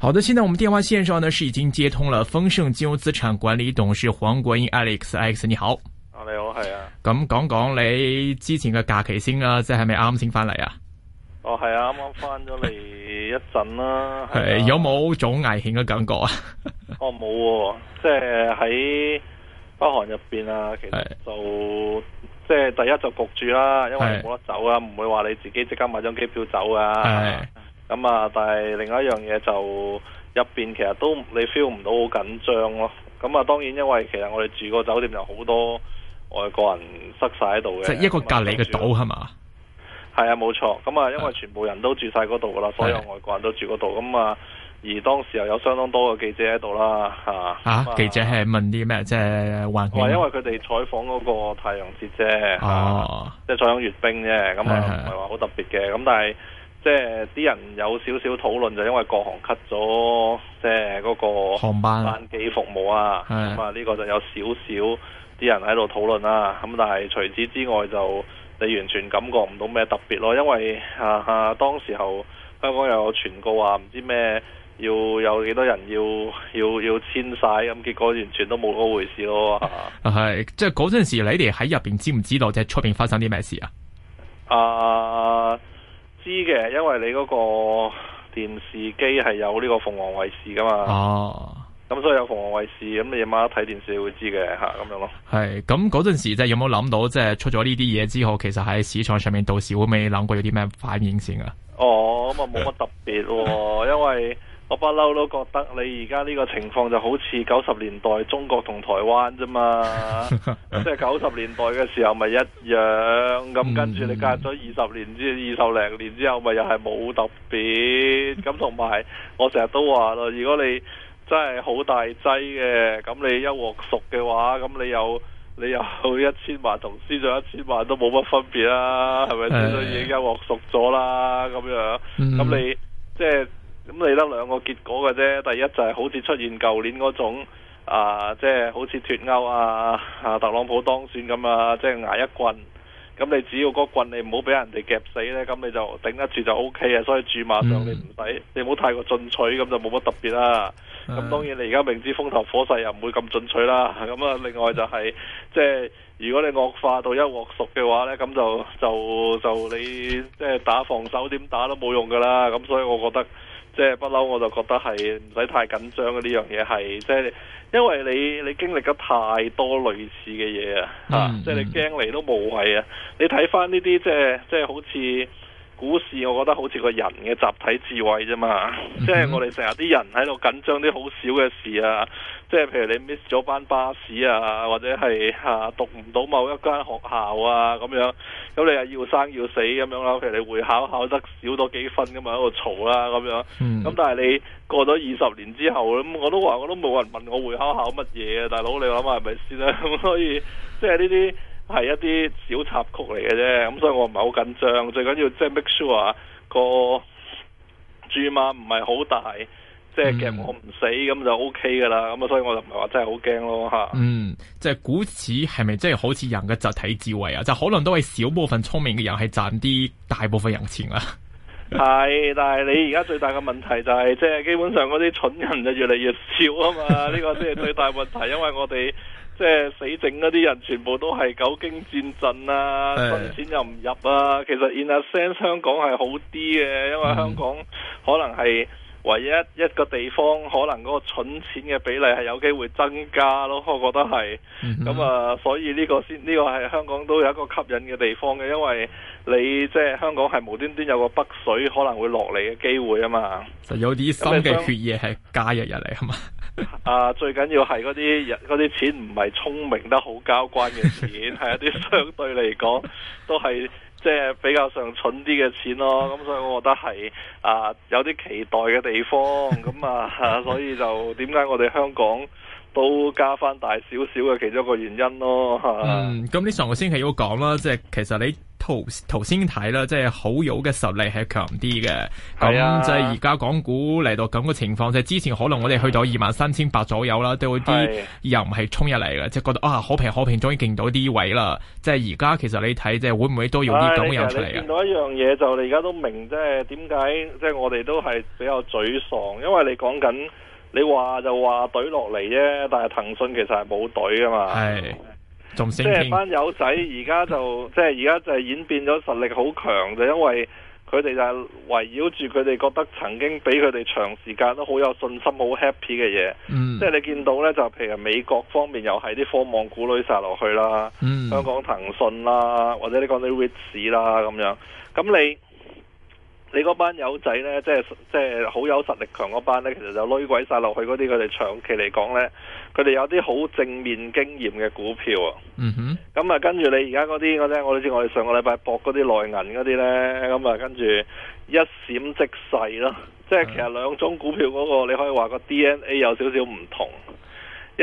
好的，現在我們電話線上呢是已經接通了豐盛金融資產管理董事黃國英 Alex，Alex Alex，你好。你好係啊。咁講講你之前嘅假期先啦，即係係咪啱先翻嚟啊？哦係啊，啱啱翻咗嚟一陣啦，啊。係、啊、有冇種危險嘅感覺啊？哦冇、啊，即係喺北韓入邊啊，其實就是即係第一就焗住啦，因為冇得走啊，唔是會話你自己即刻買張機票走啊。係、啊。咁啊！但係另外一樣嘢就入邊其實都你 feel 唔到好緊張咯。咁啊，當然因為其實我哋住個酒店有好多外國人塞晒喺度嘅。即係一個隔離嘅島係嘛？係嗎啊，冇錯。咁啊，因為全部人都住晒嗰度噶啦，的所有外國人都住嗰度。咁啊，而當時又有相當多嘅記者喺度啦，吓的。啊？記者係問啲咩？即係環境？話因為佢哋採訪嗰個太陽節啫，吓，啊啊，即係採訪閱兵啫。咁啊，唔係話好特別嘅。咁但係。即係啲人有少少討論就因為各行 cut 咗，即係嗰、那個航班機服務啊，咁啊呢個就有少少啲人喺度討論啦。咁但係除此之外就你完全感覺唔到咩特別咯，因為啊啊當時候香港又有傳告話唔知咩要有幾多人要要要遷晒，咁結果完全都冇嗰回事咯。係、啊、即係嗰陣時你哋喺入邊知唔知道即係出邊發生啲咩事啊？啊！知嘅，因為你嗰個電視機係有呢個鳳凰衛視㗎嘛。哦、啊，咁所以有鳳凰衛視，咁你夜晚一睇電視會知嘅吓，咁樣咯。係，咁嗰陣時即係有冇諗到，即係出咗呢啲嘢之後，其實喺市場上面到時會未諗過有啲咩反應先啊？哦，咁啊冇乜特別喎， 因為。我不嬲都覺得你而家呢個情況就好似九十年代中國同台灣啫嘛，即係九十年代嘅時候咪一樣咁，跟住，你隔咗二十年之二十零年之後咪又係冇特別咁。同埋我成日都話咯，如果你真係好大劑嘅，咁你一鑊熟嘅話，咁你有你有一千萬同輸咗一千萬都冇乜分別啦，啊，係咪？是所以已經一鑊熟咗啦，咁樣咁 你即係。就是咁你得兩個結果嘅啫，第一就係好似出現舊年嗰種啊，即係好似脫歐啊、啊特朗普當選咁啊，即係捱一棍。咁你只要嗰棍你唔好俾人哋夾死呢，咁你就頂得住就 O K 啊。所以注碼上你唔使，你唔好太過進取，咁就冇乜特別啦。咁當然你而家明知風頭火勢又唔會咁進取啦。咁啊，另外就係即係如果你惡化到一鑊熟嘅話呢，咁就就就你即係打防守點打都冇用噶啦。咁所以我覺得。即係不嬲，我就覺得係唔使太緊張嘅，呢樣嘢係即係因為你你經歷咗太多類似嘅嘢啊，吓、嗯、啊、即係你驚嚟都無謂啊！你睇翻呢啲即係即係好似。股市我覺得好似個人嘅集體智慧啫嘛，即 係我哋成日啲人喺度緊張啲好少嘅事啊，即、就、係、是、譬如你 miss 咗班巴士啊，或者係嚇、啊、讀唔到某一間學校啊咁樣，咁你又要生要死咁樣啦。譬如你會考考得少咗幾分咁啊，喺度嘈啦咁樣，咁、嗯、但係你過咗二十年之後，咁我都話我都冇人問我會考考乜嘢啊，大佬你諗下係咪先啦？咁所以即係呢啲。就是係一啲小插曲嚟嘅啫，咁所以我唔係好緊張。最緊要即係 make sure 個注碼唔係好大，即係其實我唔死咁、嗯、就 OK 噶啦。咁啊，所以我就唔係話真係好驚咯吓。嗯，即係股市係咪真係好似人嘅集體智慧啊？就可能都係少部分聰明嘅人係賺啲大部分人嘅錢啦、啊。係， 但係你而家最大嘅問題就係、是，即、就、係、是、基本上嗰啲蠢人就越嚟越少啊嘛。呢 個先係最大問題，因為我哋。即係死剩嗰啲人，全部都係久經戰陣啊，新錢又唔入啊。其實 in a sense 香港係好啲嘅，因為香港可能係唯一一個地方，可能嗰個蠢錢嘅比例係有機會增加咯。我覺得係。咁、mm hmm. 啊，所以呢、這個先，呢、這個係香港都有一個吸引嘅地方嘅，因為。你即係香港係無端端有個北水可能會落嚟嘅機會啊嘛，就有啲新嘅血液係加入入嚟啊嘛。想 啊，最緊要係嗰啲啲錢唔係聰明得好交關嘅錢，係 一啲相對嚟講都係即係比較上蠢啲嘅錢咯。咁所以我覺得係啊，有啲期待嘅地方咁啊，所以就點解我哋香港都加翻大少少嘅其中一個原因咯。嗯，咁呢上個星期要講啦，即係其實你。頭先睇啦，即係、就是、好友嘅實力係強啲嘅，咁即係而家港股嚟到咁嘅情況，就係、是、之前可能我哋去到二萬三千八左右啦，對啲、啊、又唔係衝入嚟啦，即、就、係、是、覺得啊好平好平，終於勁到啲位啦。即係而家其實你睇，即、就、係、是、會唔會都要啲咁樣人出嚟啊？到一樣嘢就你而家都明，即係點解即係我哋都係比較沮喪，因為你講緊你話就話懟落嚟啫，但係騰訊其實係冇懟啊嘛。即係班友仔，而家 就即係而家就演變咗實力好強，就因為佢哋就係圍繞住佢哋覺得曾經俾佢哋長時間都好有信心、好 happy 嘅嘢。嗯、即係你見到呢，就譬如美國方面又係啲科網股類殺落去啦，嗯、香港騰訊啦，或者你講啲 rich 啦咁樣，咁你。你嗰班友仔呢，即係即係好有實力強嗰班呢，其實就累鬼晒落去嗰啲，佢哋長期嚟講呢，佢哋有啲好正面經驗嘅股票啊。嗯哼。咁啊、嗯，跟住你而家嗰啲，我哋上個禮拜博嗰啲內銀嗰啲呢，咁、嗯、啊，跟住一閃即逝咯。即係其實兩種股票嗰個，你可以話個 DNA 有少少唔同。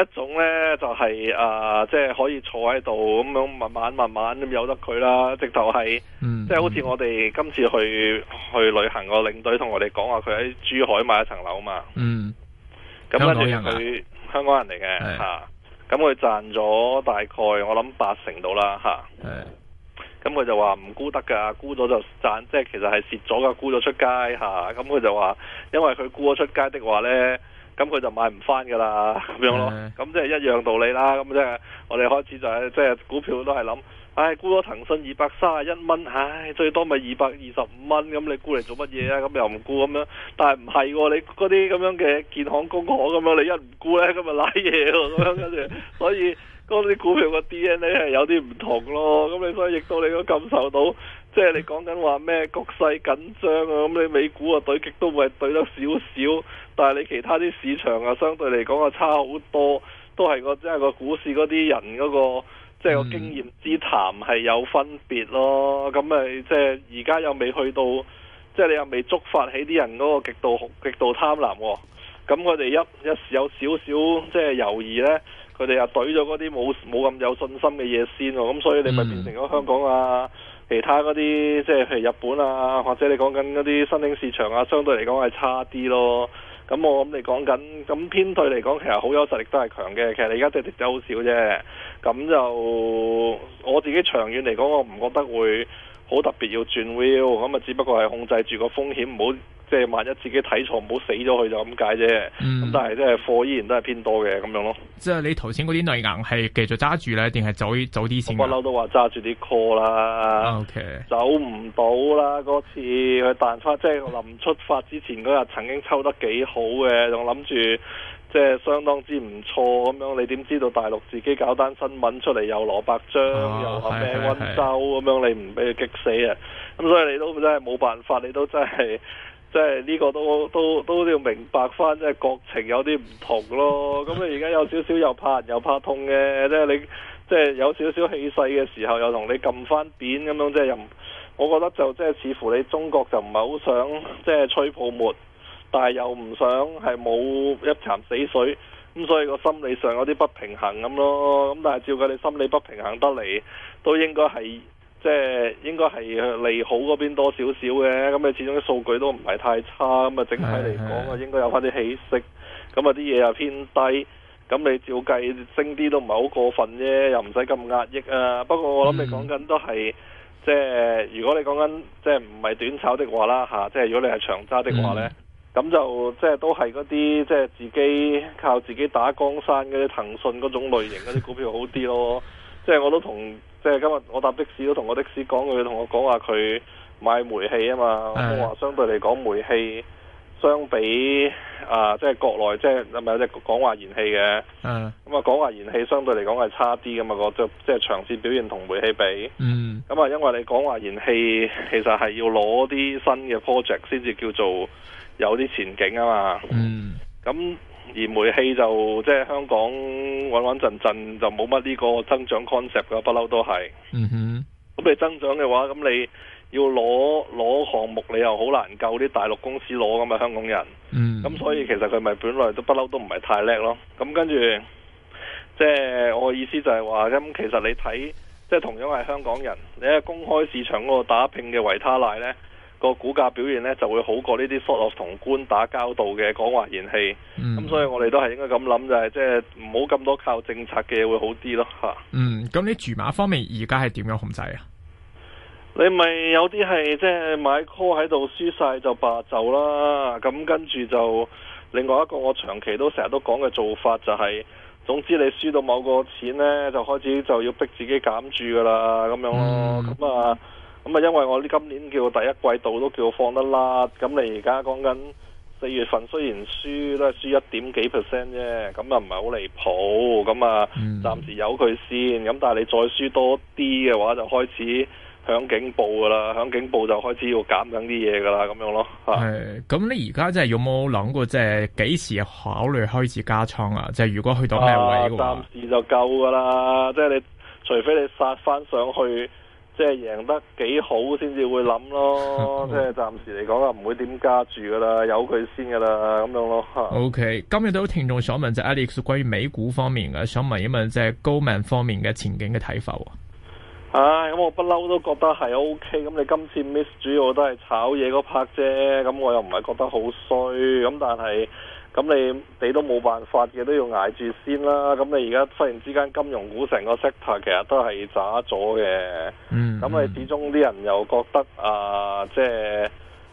一種呢，就係、係、啊、呃，即係可以坐喺度咁樣，慢慢慢慢咁由得佢啦。直頭係、嗯、即係好似我哋今次去、嗯、去旅行個領隊同我哋講話，佢喺珠海買一層樓嘛。嗯，咁跟住佢香港人嚟嘅嚇，咁佢係係賺咗大概我諗八成到啦嚇。咁佢係就話唔沽得㗎，沽咗就賺，即係其實係蝕咗㗎，沽咗出街嚇。咁佢就話，因為佢沽咗出街的話呢。咁佢就買唔返噶啦，咁樣咯，咁 即係一樣道理啦。咁即係我哋開始就係、是、即係股票都係諗，唉、哎，沽咗騰訊二百三十一蚊，唉、哎，最多咪二百二十五蚊，咁你沽嚟做乜嘢啊？咁又唔沽咁樣，但係唔係喎，你嗰啲咁樣嘅建行、工行咁樣，你一唔沽咧，咁咪瀨嘢喎，咁樣跟住，所以。 嗰啲股票個 DNA 係有啲唔同咯，咁你所以亦都你都感受到，即係你講緊話咩？局勢緊張啊！咁你美股個對極都會對得少少，但係你其他啲市場啊，相對嚟講啊，差好多，都係個即係個股市嗰啲人嗰個即係個經驗之談係有分別咯。咁咪即係而家又未去到，即係你又未觸發起啲人嗰個極度極度貪婪喎。咁我哋一一時有少少即係猶豫咧。佢哋又懟咗嗰啲冇冇咁有信心嘅嘢先喎，咁所以你咪變成咗香港啊，其他嗰啲即係譬如日本啊，或者你講緊嗰啲新興市場啊，相對嚟講係差啲咯。咁我諗你講緊咁偏退嚟講，其實好有實力都係強嘅。其實你滴滴而家跌跌得好少啫。咁就我自己長遠嚟講，我唔覺得會好特別要轉 will，咁啊只不過係控制住個風險，唔好。即係萬一自己睇錯，唔好死咗佢就咁解啫。咁、嗯、但係即係貨依然都係偏多嘅咁樣咯。即係你頭先嗰啲內銀係繼續揸住咧，定係走走啲先？我不嬲都話揸住啲 call 啦。O Okay . K，走唔到啦。嗰次佢彈花即係臨出發之前嗰日曾經抽得幾好嘅，仲諗住即係相當之唔錯咁樣。你點知道大陸自己搞單新聞出嚟、哦、又蘿蔔章又話咩溫州咁、哦、樣？你唔俾佢激死啊！咁所以你都真係冇辦法，你都真係。即係呢個都都都要明白翻，即係國情有啲唔同咯。咁你而家有少少又怕人又怕痛嘅，即係你即係有少少氣勢嘅時候，又同你撳翻扁咁樣，即係又，我覺得就即係似乎你中國就唔係好想即係吹泡沫，但係又唔想係冇一潭死水，咁所以個心理上有啲不平衡咁咯。咁但係照佢你心理不平衡得嚟，都應該係。即係應該係利好嗰邊多少少嘅，咁你始終啲數據都唔係太差，咁啊整體嚟講啊， 應該有翻啲起色。咁啊啲嘢又偏低，咁你照計升啲都唔係好過分啫，又唔使咁壓抑啊。不過我諗你講緊都係，嗯、即係如果你講緊即係唔係短炒的話啦嚇、啊，即係如果你係長揸的話呢，咁、嗯、就即係都係嗰啲即係自己靠自己打江山嗰啲騰訊嗰種類型嗰啲股票好啲咯。 即係我都同。即係今日我搭的士都同我的士講，佢同我講話佢買煤氣啊嘛，的我話相對嚟講煤氣相比啊、呃，即係國內即係係咪有隻講話燃氣嘅，咁啊港華燃氣相對嚟講係差啲咁嘛。我即即係長線表現同煤氣比，咁啊、嗯、因為你港華燃氣其實係要攞啲新嘅 project 先至叫做有啲前景啊嘛，咁、嗯。嗯而煤氣就即係、就是、香港穩穩陣陣，就冇乜呢個增長 concept 噶，不嬲都係。嗯哼、mm。咁、hmm. 你增長嘅話，咁你要攞攞項目，你又好難夠啲大陸公司攞咁嘅香港人。嗯、mm。咁、hmm. 所以其實佢咪本來都不嬲都唔係太叻咯。咁跟住，即、就、係、是、我意思就係話，咁其實你睇，即、就、係、是、同樣係香港人，你喺公開市場嗰度打拼嘅維他奶呢。個股價表現咧就會好過呢啲索落同官打交道嘅港華燃氣，咁所以我哋都係應該咁諗就係、是，即係唔好咁多靠政策嘅會好啲咯吓。嗯，咁你住馬方面而家係點樣控制啊？你咪有啲係即係買 call 喺度輸晒就罷就啦，咁跟住就另外一個我長期都成日都講嘅做法就係、是，總之你輸到某個錢咧就開始就要逼自己減住噶啦，咁樣咯，咁、嗯、啊。咁啊，因為我呢今年叫第一季度都叫放得甩，咁你而家講緊四月份雖然輸都係輸、嗯、一點幾 percent 啫，咁啊唔係好離譜，咁啊暫時由佢先，咁但係你再輸多啲嘅話就開始響警報噶啦，響警報就開始要減緊啲嘢噶啦，咁樣咯。係，咁你而家即係有冇諗過即係幾時考慮開始加倉啊？即係如果去到咩位嘅話？啊，暫時就夠噶啦，即係你除非你殺翻上去。即係贏得幾好先至會諗咯，即係暫時嚟講啊，唔會點加注噶啦，由佢先噶啦，咁樣咯。OK，今日都有聽眾想問，就 Alex 關於美股方面嘅，想問一問即係高曼方面嘅前景嘅睇法啊？唉、嗯，咁我不嬲都覺得係 OK、嗯。咁你今次 Miss 主要都係炒嘢嗰 part 啫，咁、嗯、我又唔係覺得好衰，咁、嗯、但係。咁你你都冇辦法嘅，都要捱住先啦。咁你而家忽然之間金融股成個 sector，其實都係渣咗嘅。嗯。咁你始終啲人又覺得啊、呃，即係、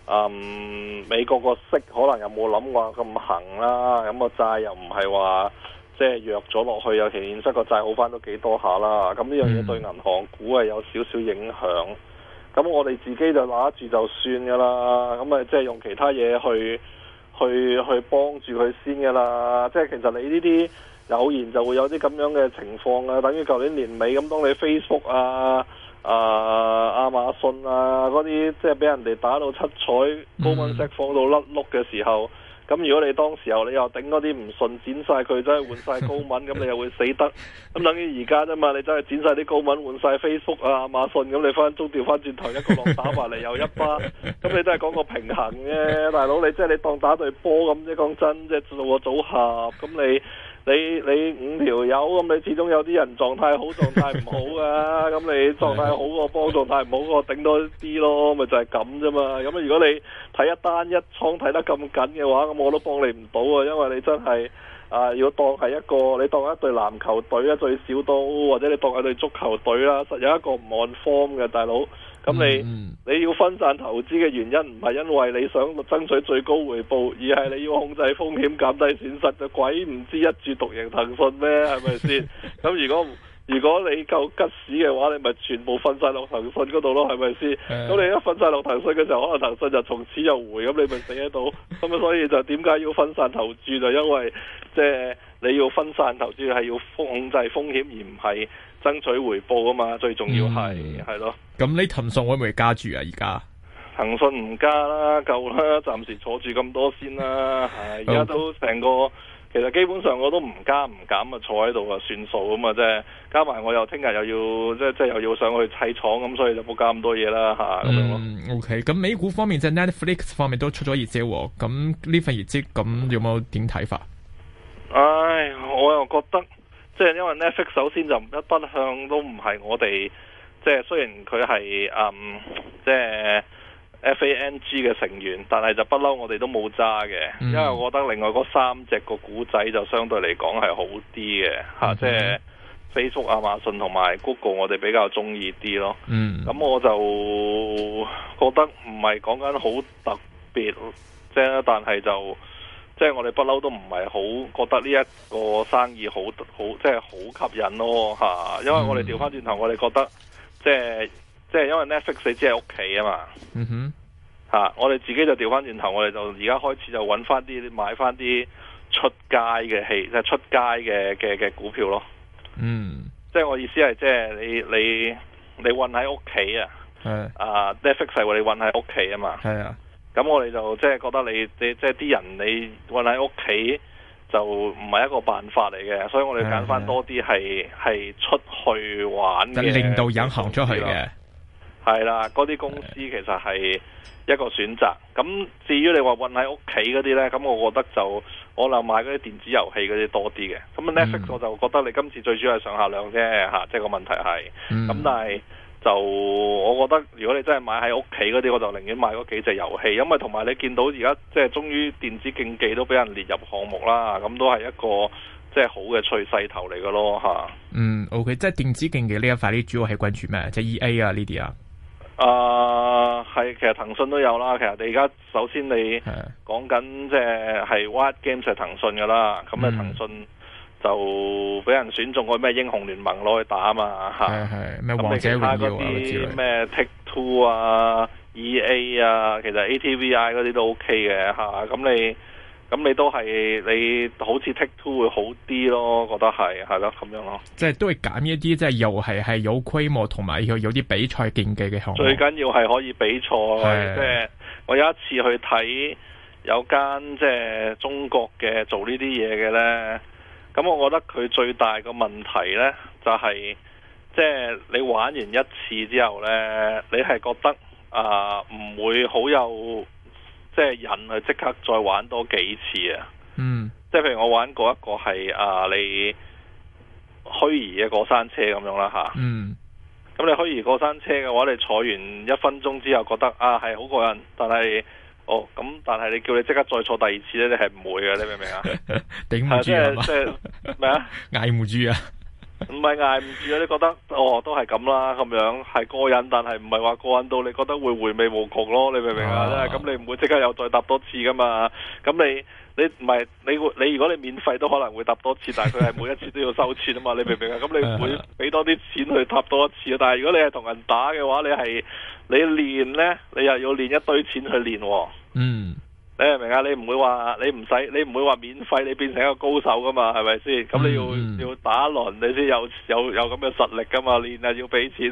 嗯、美國個息可能又冇諗過咁行啦。咁、那個債又唔係話即係弱咗落去，尤其是現時個債好翻都幾多下啦。咁呢樣嘢對銀行股係有少少影響。咁、嗯、我哋自己就拿住就算㗎啦。咁咪即係用其他嘢去。去去幫助佢先嘅啦，即係其實你呢啲偶然就會有啲咁樣嘅情況啊，等於舊年年尾咁，當你飛 a 啊、啊亞馬遜啊嗰啲，即係俾人哋打到七彩高溫釋放到甩碌嘅時候。Mm hmm. 咁如果你當時候你又頂嗰啲唔順剪晒佢，真係換晒高敏，咁你又會死得，咁等於而家啫嘛，你真係剪晒啲高敏換晒 Facebook 啊、Amazon，咁你翻中調翻轉頭一個落打埋嚟又一巴。咁你都係講個平衡嘅，大佬你即係你當打對波咁，即係講真，即係做個組合，咁你。你你五條友咁，你始終有啲人狀態好，狀態唔好噶。咁你狀態好個幫，狀態唔好個頂多啲咯，咪就係咁啫嘛。咁如果你睇一單一倉睇得咁緊嘅話，咁我都幫你唔到啊，因為你真係啊，如、呃、果當係一個你當一隊籃球隊啊，最少都，或者你當係隊足球隊啦，實有一個唔按 form 嘅大佬。咁、嗯、你你要分散投資嘅原因唔係因為你想爭取最高回報，而係你要控制風險、減低損失。就鬼唔知一注獨贏騰訊咩？係咪先？咁 如果如果你夠吉屎嘅話，你咪全部分散落騰訊嗰度咯，係咪先？咁 你一分散落騰訊嘅時候，可能騰訊就從此又回，咁你咪死得到。咁啊，所以就點解要分散投注就因為即係。你要分散投資係要控制風險，而唔係爭取回報啊嘛！最重要係係咯。咁、嗯、的你騰訊會唔會加住啊？而家騰訊唔加啦，夠啦，暫時坐住咁多先啦。而家 都成個其實基本上我都唔加唔減啊，坐喺度啊算數嘛。即係。加埋我又聽日又要即係即係又要上去砌廠，咁所以就冇加咁多嘢啦，吓咁、嗯、樣咯。O K，咁美股方面即係 Netflix 方面都出咗業績，咁呢份業績咁有冇點睇法？唉，我又覺得即係因為 Netflix 首先就一筆向都唔係我哋，即係雖然佢係嗯即係 FANG 嘅成員，但係就不嬲我哋都冇揸嘅，因為我覺得另外嗰三隻個股仔就相對嚟講係好啲嘅嚇，mm hmm. 即係 Facebook 啊、Amazon 同埋 Google 我哋比較中意啲咯。嗯、mm，咁、hmm. 我就覺得唔係講緊好特別啫，即但係就。即係我哋不嬲都唔係好覺得呢一個生意好好，即係好吸引咯嚇、啊。因為我哋調翻轉頭，我哋覺得即係即係因為 Netflix 只係屋企啊嘛。嗯哼。嚇、啊！我哋自己就調翻轉頭，我哋就而家開始就揾翻啲買翻啲出街嘅戲，即係出街嘅嘅嘅股票咯。嗯。即係我意思係，即係你你你運喺屋企啊。係的。啊，Netflix 喎，你運喺屋企啊嘛。係啊。咁我哋就即係覺得你你即係啲人，你韫喺屋企就唔係一個辦法嚟嘅，所以我哋揀翻多啲係係出去玩，令到人行出去嘅。係啦，嗰啲公司其實係一個選擇。咁的至於你話韫喺屋企嗰啲呢，咁我覺得就我就買嗰啲電子遊戲嗰啲多啲嘅。咁 Next 我就覺得你今次最主要係上下兩啫吓，即係個問題係。咁、嗯、但係。就我覺得，如果你真係買喺屋企嗰啲，我就寧願買嗰幾隻遊戲，因為同埋你見到而家即係終於電子競技都俾人列入項目啦，咁都係一個即係好嘅趨勢頭嚟嘅咯吓，嗯，OK，即係電子競技呢一塊，呢主要係關注咩？即係 EA 啊呢啲啊。啊、呃，係，其實騰訊都有啦。其實你而家首先你的講緊即係係 What Games 係騰訊嘅啦，咁啊騰訊、嗯。就俾人選中個咩英雄聯盟攞去打嘛吓，係係咩王者榮耀啲咩 Take-Two 啊、EA 啊，其實 ATVI 嗰啲都 OK 嘅吓。咁你咁你都係你好似 Take-Two 會好啲咯，覺得係係咯咁樣咯。即係都係揀一啲即係又係係有規模同埋要有啲比賽競技嘅項目。最緊要係可以比賽，即係的我有一次去睇有間即係中國嘅做呢啲嘢嘅咧。咁我覺得佢最大個問題呢，就係、是、即係你玩完一次之後呢，你係覺得啊唔、呃、會好有即係癮去即刻再玩多幾次啊。嗯，mm. 即係譬如我玩過一個係啊，你虛擬嘅過山車咁樣啦吓，嗯、啊，咁、mm. 你虛擬過山車嘅話，你坐完一分鐘之後覺得啊係好過癮，但係。哦，咁但係你叫你即刻再坐第二次咧，你係唔會嘅，你明唔明啊？頂唔 住啊，即係即係咩啊？挨唔住啊？唔係捱唔住啊！你覺得哦，都係咁啦，咁樣係過癮，但係唔係話過癮到你覺得會回味無窮咯？你明唔明啊？咁，你唔會即刻又再搭多次㗎嘛？咁你你唔係你你如果你免費都可能會搭多次，但係佢係每一次都要收錢啊嘛？ 你明唔明啊？咁你唔會畀多啲錢去搭多一次，但係如果你係同人打嘅話，你係你練呢，你又要練一堆錢去練喎、哦。嗯。你明啊？你唔會話你唔使，你唔會話免費，你變成一個高手噶嘛？係咪先？咁你要、嗯、要打輪，你先有有有咁嘅實力噶嘛？練啊要俾錢，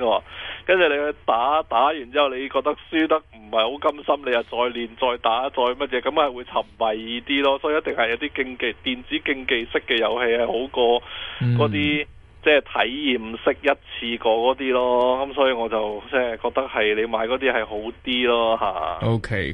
跟住你去打，打完之後，你覺得輸得唔係好甘心，你又再練再打再乜嘢，咁咪會沉迷啲咯。所以一定係有啲競技電子競技式嘅遊戲係好過嗰啲、嗯、即係體驗式一次過嗰啲咯。咁所以我就即係覺得係你買嗰啲係好啲咯吓。OK。